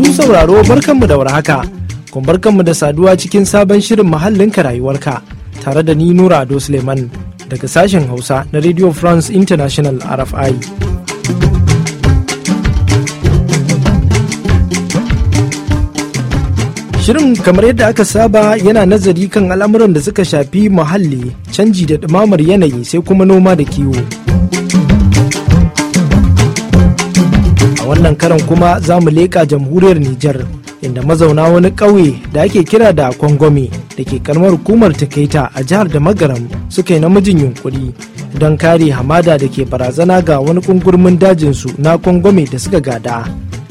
Masu sauraro barkanmu da warhaka, kun barkanmu da saduwa cikin sabon shirin muhallinka rayuwarka tare da ni Nura Ado Suleiman daga sashen Hausa na Radio France International RFI. Shirin kamar yadda aka saba yana nazari kan al'amuran da suka shafi muhalli, canji da ɗumamar yanayi sai kuma noma da kiwo. wannan karan kuma za mu leƙa jamhuriyar Nijar inda mazauna wani ƙauye da ake kira da kwangwame da ke karamar hukumar takaita a jihar da magaram suka yi namijin yunkuri don kare hamada da ke barazana ga wani kungurmin dajinsu na kwangwame da suka gada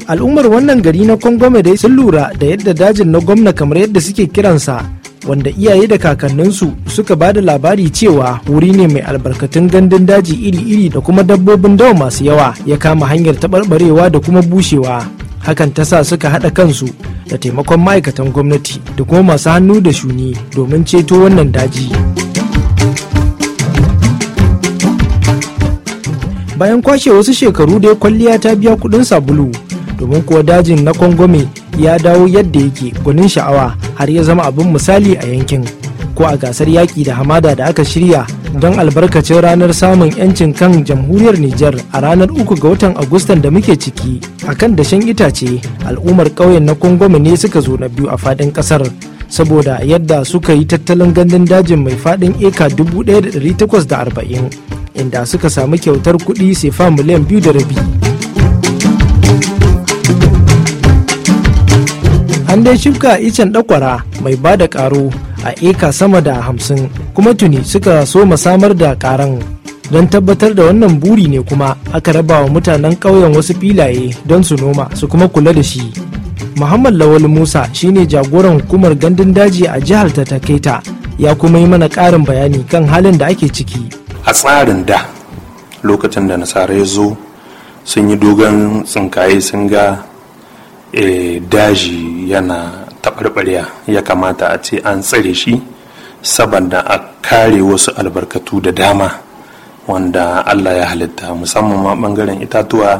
al'ummar wannan gari na kwangwame dai sun lura da yadda dajin na gwamna kamar yadda suke kiransa wanda iyaye da kakanninsu suka ba da labari cewa wuri ne mai albarkatun gandun daji iri-iri da kuma dabbobin dawa masu yawa ya kama hanyar taɓarɓarewa da kuma bushewa hakan ta sa suka haɗa kansu da taimakon ma'aikatan gwamnati da kuma masu hannu da shuni domin ceto wannan daji bayan kwashe wasu shekaru dai kwalliya ta biya kuɗin sabulu domin kuwa dajin na kwangwame ya dawo yadda yake gwanin sha'awa har ya zama abin misali a yankin ko a gasar yaƙi da hamada da aka shirya don albarkacin ranar samun 'yancin kan jamhuriyar Nijar a ranar 3 ga watan Agustan da muke ciki a kan dashen itace al'ummar ƙauyen na Kongomi ne suka zo na biyu a faɗin ƙasar saboda yadda suka yi tattalin gandun dajin mai faɗin eka 1840 inda suka samu kyautar kuɗi sefa miliyan biyu da rabi. an dai a icen ɗakwara mai ba da ƙaro a eka sama da hamsin kuma tuni suka so samar da ƙaran don tabbatar da wannan buri ne kuma aka raba wa mutanen ƙauyen wasu filaye don su noma su kuma kula da shi muhammad lawal musa shine jagoran hukumar gandun daji a jihar ta takaita ya kuma yi mana ƙarin bayani kan halin da ake ciki a tsarin da lokacin da nasara ya zo sun yi dogon tsinkaye sun ga eh, daji yana taɓarɓarya ya kamata a ce an tsare shi saboda a kare wasu albarkatu da dama wanda allah ya halitta musamman ma ɓangaren itatuwa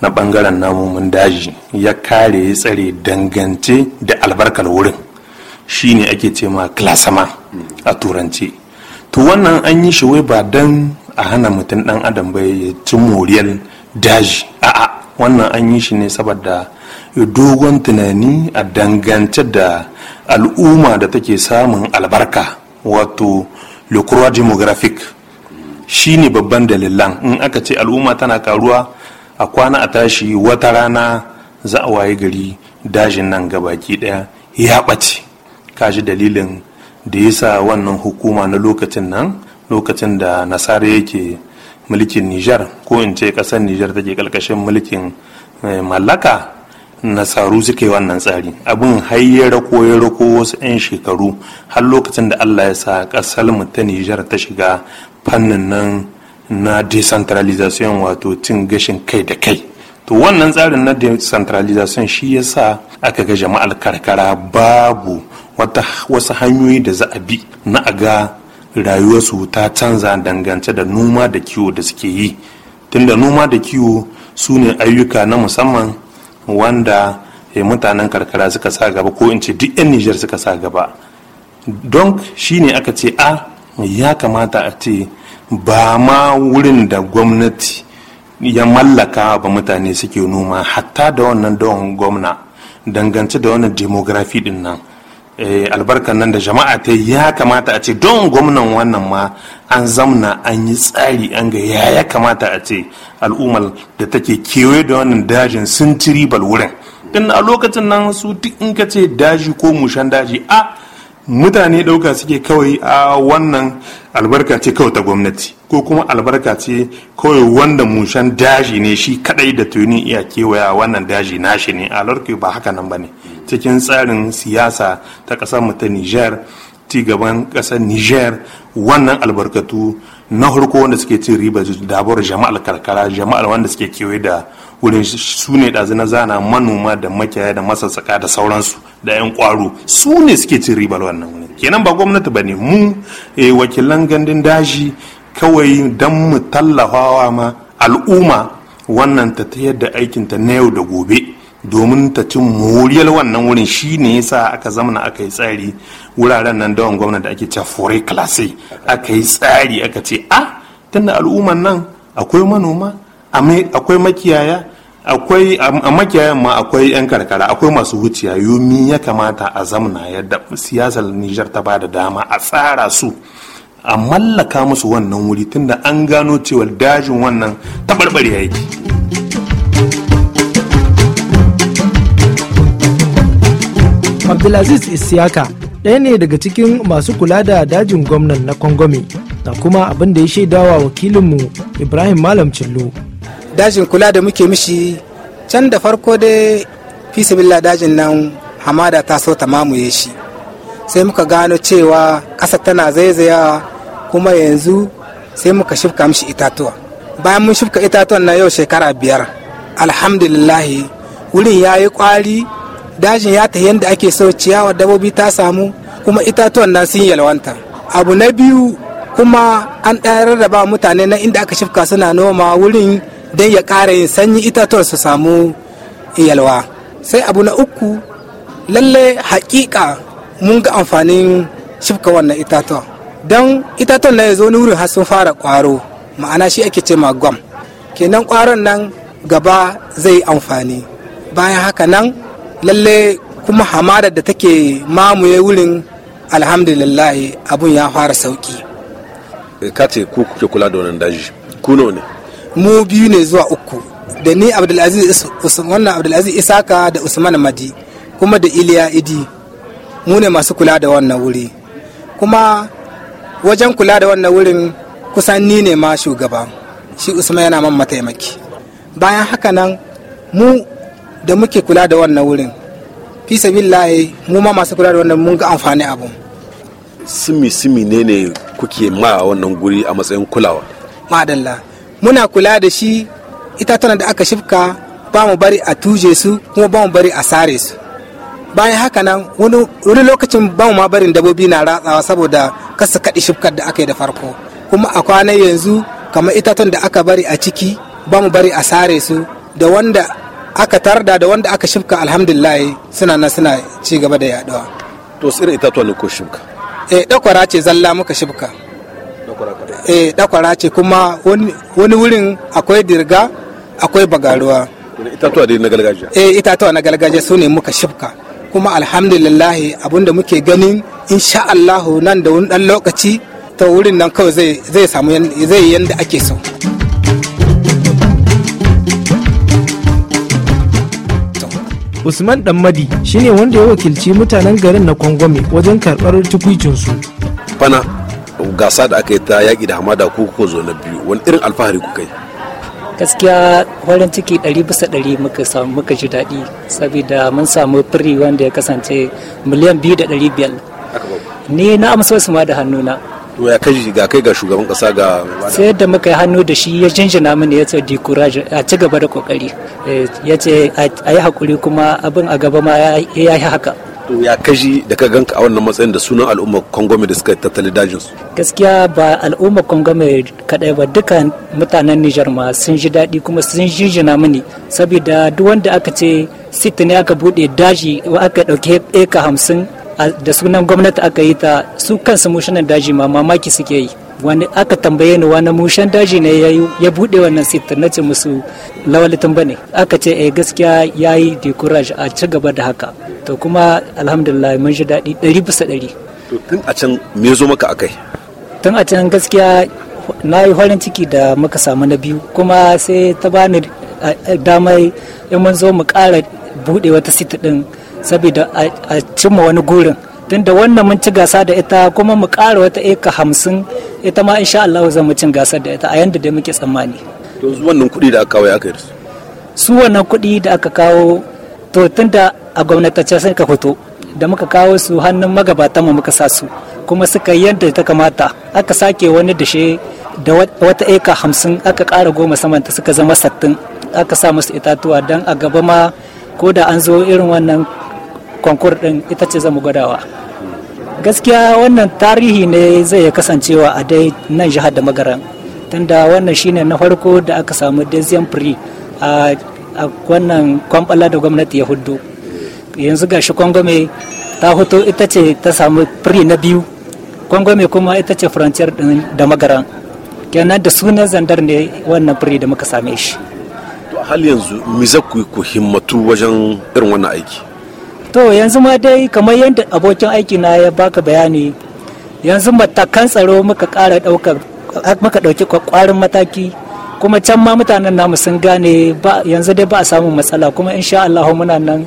na ɓangaren namomin daji ya kare ya tsare dangance da albarkar wurin shine ne ake ce ma klasama a turance to wannan an yi shi wai ba don a hana mutum ɗan adam bai ya ci moriyar daji a'a wannan an yi shi ne saboda dogon tunani a dangance da al'umma da take samun albarka wato lukura demographic shi ne babban dalilan in aka ce al'umma tana karuwa a kwana a tashi wata rana za a waye gari dajin nan gabaki daya ya ɓace kashi dalilin da ya sa wannan hukuma na lokacin nan lokacin da nasara yake mulkin nijar ko in ce ƙasar nijar take ƙarƙashin mulkin eh, mallaka nasaru suka suke wannan tsari abin har ya rako ya rako wasu 'yan shekaru har lokacin da allah ya sa ƙasar mu ta nijar ta shiga fannin nan na decentralization wato cin gashin kai da kai to wannan tsarin na decentralization shi ya sa aka ga jama'ar karkara babu wasu hanyoyi da za a bi na a ga rayuwarsu ta canza dangance da noma da kiwo da suke yi tunda noma da kiwo su ne ayyuka na musamman wanda eh, mutanen karkara suka sa gaba ko in ce duk 'yan nijar suka sa gaba don shi ne aka ce a ah, ya kamata a ce ba ma wurin da gwamnati ya mallaka ba mutane suke noma hatta da wannan dawon gwamna dangance da wannan demografi din nan Eh, albarkan nan da jama'a ta ya kamata a ce don gwamnan wannan ma an zamna an yi tsari an ga ya ya kamata a ce al'ummar da take kewaye da wannan dajin sun ci wurin din a lokacin nan su duk in ka ce daji ko mushan daji a mutane ɗauka suke kawai a wannan albarka ce kawai ta gwamnati ko kuma albarka ce kawai wanda mushan daji ne shi kadai da tuni iya kewaya wannan daji nashi ne a ba haka nan ba ne cikin tsarin siyasa ta ƙasar mu ta Niger ci gaban ƙasar Niger wannan albarkatu na harko wanda suke cin riba dabar jama'al karkara jama'al wanda suke kewaye da wurin su ne ɗazu na zana manoma da makiyaya da masassaka da sauransu da 'yan kwaro su ne suke cin ribar wannan wurin kenan ba gwamnati ba ne mu eh, wakilan gandun daji kawai dan mu tallafawa ma al'umma wannan ta ta yadda aikinta na yau da gobe domin ta cin moriyar wannan wurin shi ne ya sa aka zamana aka yi tsari wuraren nan dawon da ake cewa fure klasi aka yi tsari aka ce a ah, tunda al'umman nan akwai manoma akwai makiyaya akwai a makiyayan ma akwai 'yan karkara akwai masu wuciya yomi ya kamata a zamana yadda siyasar nijar ta ba da dama a tsara su a mallaka musu wannan wuri tunda an gano cewar dajin wannan tabarbare yake. abdulaziz isiyaka ɗaya ne daga cikin masu kula da dajin gwamnan na kwangwame na kuma abin da ya shaidawa wakilinmu ibrahim malam cillo dajin kula da muke mishi can da farko dai fisibilla dajin nan hamada ta so ta mamaye shi sai muka gano cewa ƙasa tana zaizaya kuma yanzu sai muka shifka mishi itatuwa bayan mun shifka itatuwan na yau shekara biyar alhamdulillahi wurin ya yi kwari dajin ya tafi yadda ake so ciyawa dabobi ta samu kuma itatuwan nan sun yalwanta abu na biyu kuma an ɗayar da ba mutane na inda aka shifka suna noma wurin don ya ƙara yin sanyi itatuwan su samu yalwa sai abu na uku lalle hakika mun ga amfanin shifka wannan itatuwa don itatuwan na ya zo wurin har sun fara ƙwaro ma'ana shi ake ce gwam kenan ƙwaron nan gaba zai amfani bayan haka nan lalle kuma hamadar da take mamuye wurin alhamdulillah abun ya fara sauki eh, ka ce ku kuke kula da wannan daji ku nawa ne mu biyu ne zuwa uku da ni abdulaziz wannan abdulaziz isaka da usman madi kuma da iliya idi mu ne masu kula da wannan wuri kuma wajen kula da wannan wurin kusan ni ne ma shugaba shi usman yana man mataimaki bayan haka nan mu da muke kula da wannan wurin fi sabillahi mu ma masu kula da wannan mun ga amfani abu simi simi ne ne kuke ma wannan guri a matsayin kulawa madalla muna kula da shi itatunan da aka shifka ba mu bari a tuje su kuma ba mu bari a sare su bayan haka nan wani lokacin ba mu ma barin dabobi na ratsawa saboda kasa kaɗi shifkar da aka yi da farko kuma a kwanan yanzu kamar itatun da aka bari a ciki ba mu bari a sare su da wanda aka tarda da wanda aka shifka alhamdulillah suna na suna ci gaba da yaduwa to su ita itatuwa ne ko shifka eh dakwara ce zalla muka shifka eh dakwara ce kuma wani wurin akwai dirga akwai bagaruwa itatuwa dai na gargajiya eh itatuwa na gargajiya su ne muka shifka kuma alhamdulillah abinda muke ganin insha Allah nan da wani dan lokaci ta wurin nan kawai zai samu zai yanda ake so usman danmadi shine wanda ya wakilci mutanen garin na kwangwame wajen karɓar tukwicinsu bana gasa da aka yi ta yaƙi da hamada ko kuka zo na biyu wani irin alfahari ku kai. gaskiya farin ciki ɗari bisa ɗari muka samu muka ji daɗi saboda mun samu firi wanda ya kasance miliyan biyu da ni na amsa su ma da hannuna to ya kai ga kai ga shugaban kasa ga sai yadda muka yi hannu da shi ya jinjina mini ya ce di a ci gaba da kokari eh, ya ce a yi hakuri kuma abin a gaba ma ya yi haka to ya kaji da ka ganka a wannan matsayin da sunan al'umma kongome da suka tattali dajin su gaskiya ba al'ummar kongome kadai ba dukan mutanen nijar ma sun ji daɗi kuma sun jinjina mini saboda duk wanda aka ce sit aka bude daji aka dauke eka hamsin da sunan gwamnati aka yi ta su kansu mushanan daji ma mamaki suke yi wani aka tambaye ni wani mushan daji ne ya buɗe wannan sitar na ce musu lawalitin bane aka ce eh gaskiya ya yi decourage a ci gaba da haka to kuma alhamdulillah mun ji daɗi ɗari bisa ɗari. tun a can me zo maka akai tun a can gaskiya na yi farin ciki da muka samu na biyu kuma sai ta bani damar in mun zo mu ƙara buɗe wata sita ɗin saboda a cimma wani gurin tunda wannan mun ci gasa da ita kuma mu ƙara wata eka hamsin ita ma insha Allah za mu cin gasar da ita a yanda dai muke tsammani to su wannan kuɗi da aka kawo ya aka yi su wannan kuɗi da aka kawo to tunda a gwamnatace sai ka fito da muka kawo su hannun magabatan mu muka sa su kuma suka yadda ta kamata aka sake wani dashe da wata eka hamsin aka ƙara goma samanta suka zama sattin aka sa musu itatuwa don a gaba ma ko da an zo irin wannan konkur din ita ce zamu gwadawa gaskiya wannan tarihi ne zai kasancewa a dai nan jihar da magaran tunda wannan shine na farko da aka samu desian free a wannan kwamfala da gwamnati ya hudu yanzu ga shi kwangwame ta hoto ita ce ta samu free na biyu kwangwame kuma ita ce frontier din da magaran kenan da sunan zandar ne wannan free da muka same shi hal yanzu me za ku himmatu wajen irin wannan aiki to yanzu ma dai kamar yadda abokin aiki na ya baka bayani yanzu matakan tsaro muka ƙara ɗaukar muka ɗauki kwakwarin mataki kuma can ma mutanen namu sun gane yanzu dai ba a samu matsala kuma insha Allah muna nan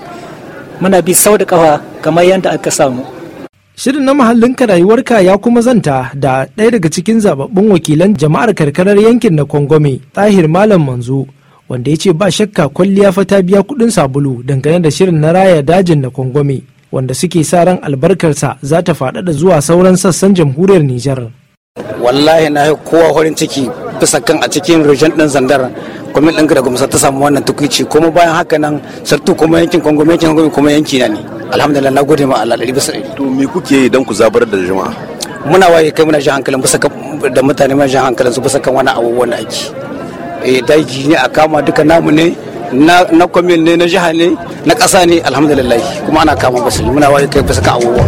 muna bi sau da kafa kamar yadda aka samu Shirin na ka rayuwarka ya kuma zanta da ɗaya daga cikin zababbun wakilan jama'ar karkarar yankin na kwangwame Tahir Malam Manzo, wanda ya ce ba shakka kwalliya fa ta biya kudin sabulu dangane da shirin na raya dajin na kwangwame wanda suke sa ran albarkarsa za ta faɗaɗa zuwa sauran sassan jamhuriyar Nijar. Wallahi na yi kowa farin ciki bisa kan a cikin region ɗin zandar kwamin ɗin da gumsa ta samu wannan tukuici kuma bayan haka nan sartu kuma yankin kwangwame yankin kwangwame kuma yanki na ne alhamdulillah na gode ma Allah ɗari bisa ɗari. To me kuke yi don ku zabar da jama'a? Muna waye kai muna jan hankalin bisa da mutane muna jan hankalin su bisa kan wani abubuwan da ake. Eh, daji ne a kama duka namu ne na kwamin ne na jiha ne na ƙasa ne alhamdulillah kuma ana kama basu muna waye kai basu ka abubuwa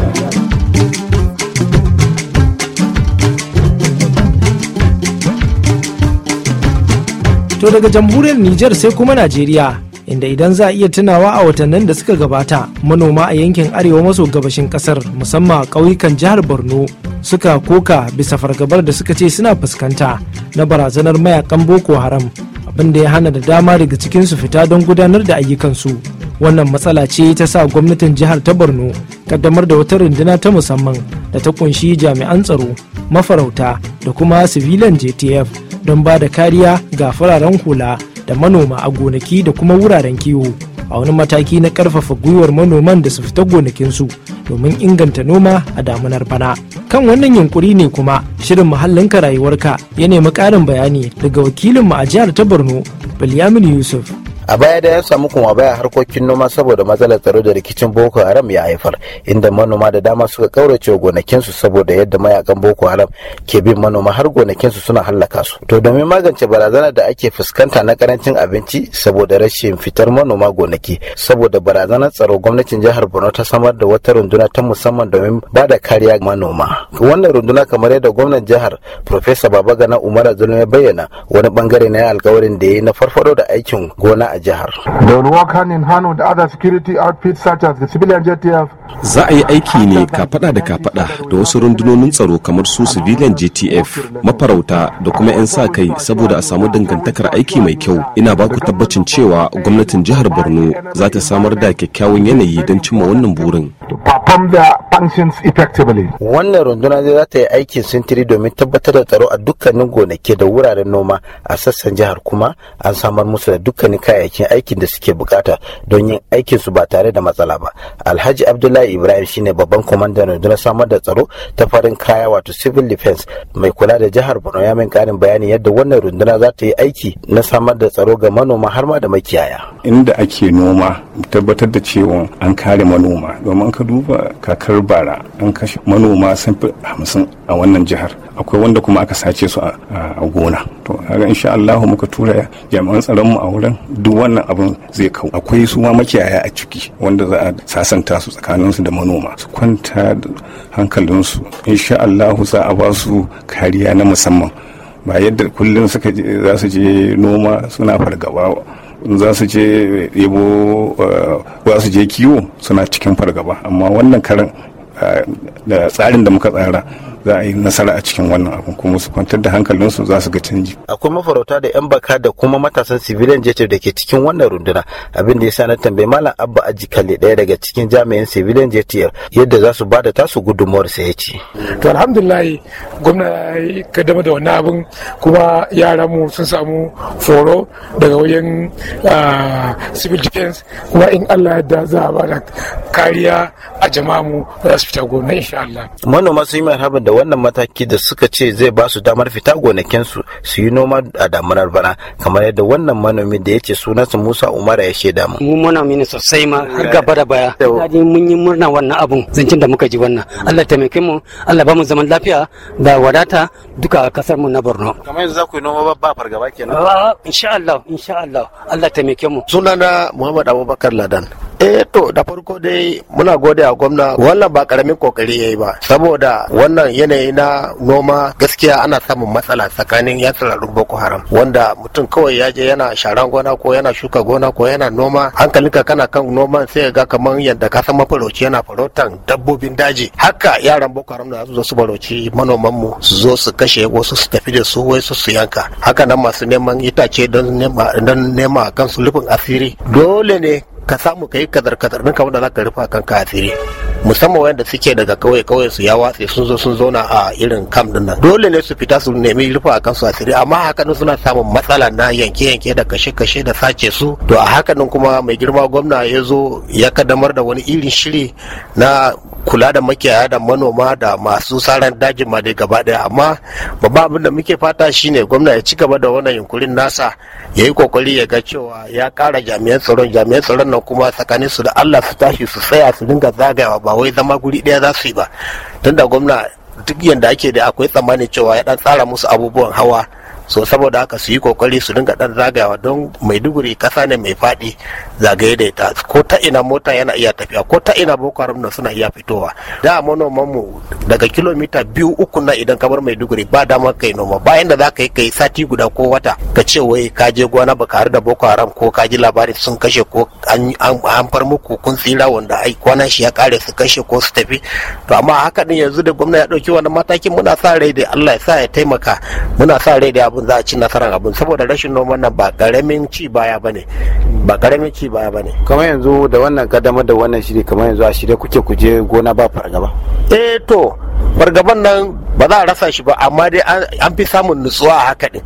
to daga jamhuriyar Nijar sai kuma Najeriya inda idan za a iya tunawa a watannin da suka gabata manoma a yankin arewa maso gabashin kasar musamman ƙauyukan jihar borno suka koka bisa fargabar da suka ce suna fuskanta na barazanar mayakan boko haram abinda ya hana da dama daga cikinsu fita don gudanar da ayyukansu wannan matsala ce ta sa gwamnatin jihar ta borno kaddamar da wata runduna ta musamman da ta kunshi jami'an tsaro mafarauta da kuma sivilan jtf don ba da kariya ga fararen hula da manoma a gonaki da kuma wuraren kiwo a wani mataki na karfafa gwiwar manoman da su fita gonakinsu domin inganta noma a damunar bana kan wannan yunkuri ne kuma shirin muhallinka rayuwarka ya nemi karin bayani daga wakilinmu a jihar ta borno bilyamin yusuf a baya da ya samu kuma baya harkokin noma saboda matsalar tsaro da rikicin boko haram ya haifar inda manoma da dama suka kaurace gonakinsu saboda yadda mayakan boko haram ke bin manoma har gonakinsu suna hallaka su to domin magance barazana da ake fuskanta na karancin abinci saboda rashin fitar manoma gonaki saboda barazanar tsaro gwamnatin jihar borno ta samar da wata runduna ta musamman domin ba da kariya manoma wannan runduna kamar yadda gwamnan jihar profesa babagana umar zulum ya bayyana wani bangare na alkawarin da ya yi na farfado da aikin gona They will work hand in hand with other security outfits such as the civilian JTF za a yi aiki ne kafada da kafada da wasu rundunonin tsaro kamar su civilian gtf mafarauta da kuma 'yan sa kai saboda a samu dangantakar aiki mai kyau ina ba ku tabbacin cewa gwamnatin jihar borno za ta samar da kyakkyawan yanayi don cimma wannan burin wannan runduna za ta yi aikin sintiri domin tabbatar da tsaro a dukkanin gonaki da wuraren noma a sassan jihar kuma an samar musu da dukkanin kayayyakin aikin da suke bukata don yin aikinsu ba tare da matsala ba alhaji abdullahi abdullahi ibrahim shine babban kwamandan rundunar samar da tsaro ta farin kaya wato civil defense mai kula da jihar borno ya min karin bayani yadda wannan runduna za ta yi aiki na samar da tsaro ga manoma har ma da makiyaya inda ake noma tabbatar da cewa an kare manoma domin ka duba kakar bara an kashe manoma sun fi hamsin a wannan jihar akwai wanda kuma aka sace su a gona to kaga insha Allah muka tura jami'an tsaron mu a wurin duk wannan abun zai kau akwai su ma makiyaya a ciki wanda za a sasanta su tsakanin su da manoma su kwanta hankalin su insha Allah za a ba su kariya na musamman ba yadda kullum suka za su je noma suna fargaba za su je yabo eh, za su je kiwo suna cikin fargaba amma wannan karan eh, da tsarin da muka tsara za a yi nasara a cikin wannan abin kuma su kwantar da hankalinsu za su ga canji. Akwai mafarauta da 'yan baka da kuma matasan civilian JTF da ke cikin wannan runduna abin da ya sa na tambayi Malam Abba Aji Kalle daya daga cikin jami'an civilian JTF yadda za su bada tasu gudunmuwar sa ya ce. To alhamdulillah gwamna ya kaddama da wannan abin kuma yaran mu sun samu foro daga wajen ah, civil defense kuma in Allah yadda za a ba kariya a jama'a mu za su fita gona insha Allah. Manoma sun yi marhaban da wannan mataki da suka ce zai ba su damar fita gonakinsu su yi noma a damunar bana kamar yadda wannan manomi da ya ce sunansa Musa Umar ya shaida mu. Mu manomi ne sosai ma har gaba da baya. Kaji mun yi murna wannan abun zancin da muka ji wannan. Allah taimake mu Allah ba mu zaman lafiya da wadata duka a kasar mu na Borno. Kamar yanzu za ku yi noma ba fargaba kenan. Ah, insha Allah insha Allah Allah taimake mu. Sunana Muhammad Abubakar Ladan. eh to da farko dai muna gode a gwamna wannan ba karamin kokari yayi ba saboda wannan yanayi na noma gaskiya ana samun matsala tsakanin tsararru boko haram wanda mutum kawai ya je yana sharan gona ko yana shuka gona ko yana noma hankalinka kana kan noman sai ga kamar yadda ka san mafarauci yana farautan dabbobin daji haka yaran boko haram da su zo su farauci manoman mu su zo su kashe wasu su tafi da su wai su su yanka haka nan masu neman itace don nema don nema kansu lufin asiri dole ne ka samu ka yi kadar-kadar ninka wanda za ka rufa kanka asiri musamman wanda suke daga kauye kauye su ya watse sun zo sun zauna a irin kam din nan dole ne su fita su nemi rufa a kansu asiri amma hakan suna samun matsala na yanke-yanke da kashe-kashe da sace su to a hakan kuma mai girma gwamna ya zo ya kaddamar da wani irin shiri na kula da makiyaya da manoma da masu saran dajin ma dai gaba daya amma babba abin da muke fata shine gwamna ya ci gaba da wannan yunkurin nasa ya yi kokari ya ga cewa ya kara jami'an tsaron jami'an tsaron nan kuma tsakanin su da Allah su tashi su tsaya su dinga zagayawa ba wai zama guri daya za su yi ba tunda gwamna duk yanda ake da akwai tsammanin cewa ya dan tsara musu abubuwan hawa so saboda haka su yi kokari su dinga dan zagayawa don maiduguri kasa ne mai faɗi zagaye da ita ko ta ina mota yana iya tafiya ko ta ina boko haram na suna iya fitowa da manoman mu daga kilomita biyu uku na idan ka bar maiduguri ba dama kai noma bayan da za ka yi kai sati guda ko wata ka ce wai ka je gona ba har da boko haram ko ka ji labari sun kashe ko an far muku kun tsira wanda ai kwanan shi ya kare su kashe ko su tafi to amma haka din yanzu da gwamnati ya dauki wannan matakin muna sa rai da Allah ya sa ya taimaka muna sa rai da abun za a ci nasarar abun saboda rashin noma na ba karamin ci baya bane ba karamin ci ci baya bane kamar yanzu da wannan kadama da wannan shiri kama yanzu a shirye kuke kuje gona ba fargaba eh to fargaban nan ba za a rasa shi ba amma dai an fi samun nutsuwa a haka din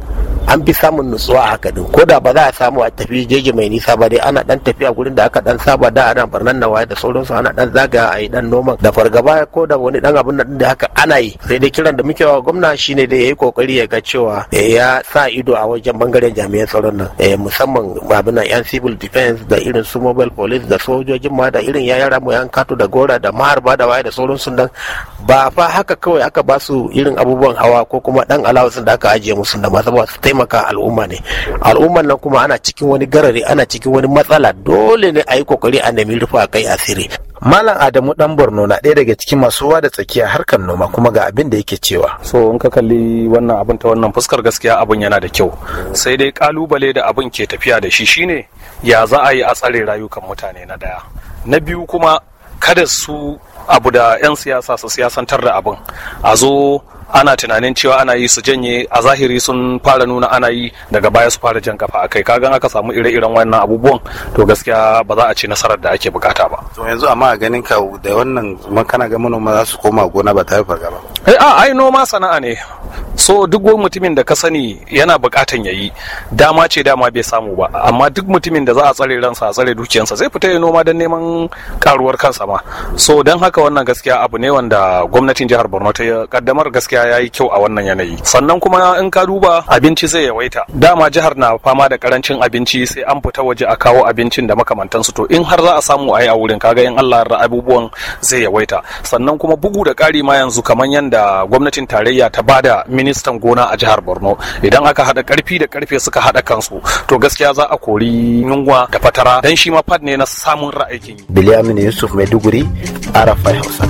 an fi samun nutsuwa a haka ko da ba za a samu a tafi jeji mai nisa ba dai ana dan tafiya gurin da aka dan saba da ana barnan waye da sauransu ana dan zaga a yi dan noman da fargaba ko da wani dan abin da haka ana yi sai dai kiran da muke wa gwamna shine da yayi kokari ya ga cewa eh, ya sa ido a wajen bangaren jami'an tsaron nan eh, musamman abin nan yan civil defense da irin su mobile police da sojojin ma da irin yayara mu yan kato da gora da maharba da waye da sauransu dan ba fa haka kawai aka ba su irin abubuwan hawa ko kuma dan alawusin da aka ajiye musu da ma ba su taimaka al'umma ne al'umman nan kuma ana cikin wani garare ana cikin wani matsala dole ne a yi kokari a nemi rufa kai asiri malam adamu dan borno na ɗaya daga cikin masu ruwa da tsakiya harkar noma kuma ga abin da yake cewa so in ka kalli wannan abin ta wannan fuskar gaskiya abin yana da kyau sai dai kalubale da abin ke tafiya da shi shine ya za a yi a tsare rayukan mutane na daya na biyu kuma kada su abu da 'yan siyasa su siyasantar da abin a zo ana tunanin cewa ana yi su janye a zahiri sun fara nuna ana yi daga baya su fara jan kafa a akai kaga aka samu ire-iren wannan abubuwan to gaskiya ba za a ci nasarar da ake bukata ba to yanzu amma a ganin ka da wannan kana ga manoma za su koma gona ba tare fargaba eh a ai noma sana'a ne so duk wani mutumin da ka sani yana bukatan yayi dama ce dama bai samu ba amma duk mutumin da za a tsare ransa a tsare dukiyansa zai fita ya noma don neman karuwar kansa ma so don haka wannan gaskiya abu ne wanda gwamnatin jihar Borno ta kaddamar gaskiya ya yi kyau a wannan yanayi sannan kuma in ka duba abinci zai yawaita dama jihar na fama da karancin abinci sai an fita waje a kawo abincin da makamantansu to in har za a samu a yi a wurin kaga in Allah ya abubuwan zai yawaita sannan kuma bugu da ƙari ma yanzu kamar yanda gwamnatin tarayya ta bada ministan gona a jihar borno idan aka haɗa karfi da karfe suka haɗa kansu to gaskiya za a kori yunwa da fatara dan shi ma fad ne na samun ra'ayin yi biliyamin yusuf maiduguri arafai hausa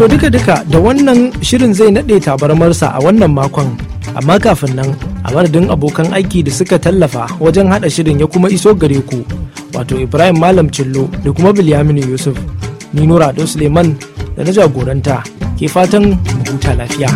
To duka-duka da wannan shirin zai naɗe tabarmarsa a wannan makon, amma kafin nan a madadin abokan aiki da suka tallafa wajen haɗa shirin ya kuma iso gare ku wato ibrahim malam cillo da kuma bilyaminu yusuf ni nura suleiman da na jagoranta ke fatan mu huta lafiya.